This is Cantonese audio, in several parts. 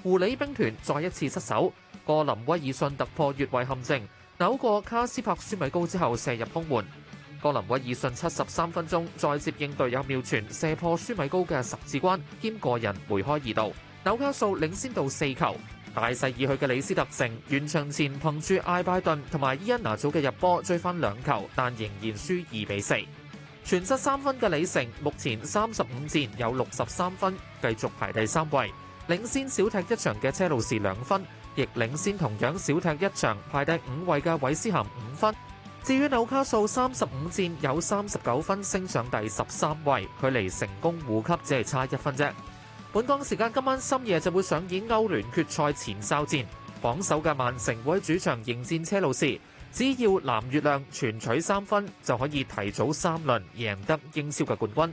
狐狸兵團再一次失手，哥林威爾遜突破越位陷阱，扭過卡斯柏舒米高之後射入空門。哥林威爾遜七十三分鐘再接應隊友妙傳，射破舒米高嘅十字關，兼個人梅開二度，紐卡素領先到四球。大勢已去嘅李斯特城，完場前憑住艾拜頓同埋伊恩拿祖嘅入波追翻兩球，但仍然輸二比四。全失三分嘅李成，目前三十五戰有六十三分，繼續排第三位。領先小踢一場嘅車路士兩分，亦領先同樣小踢一場排第五位嘅韋斯咸五分。至於紐卡素三十五戰有三十九分，升上第十三位，距離成功護級只係差一分啫。本港時間今晚深夜就會上演歐聯決賽前哨戰，榜首嘅曼城會主場迎戰車路士，只要藍月亮全取三分，就可以提早三輪贏得英超嘅冠軍。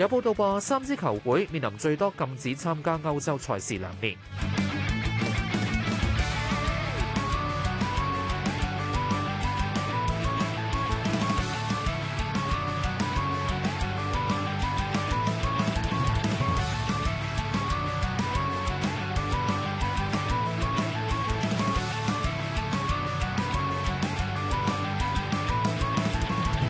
有報道話，三支球會面臨最多禁止參加歐洲賽事兩年。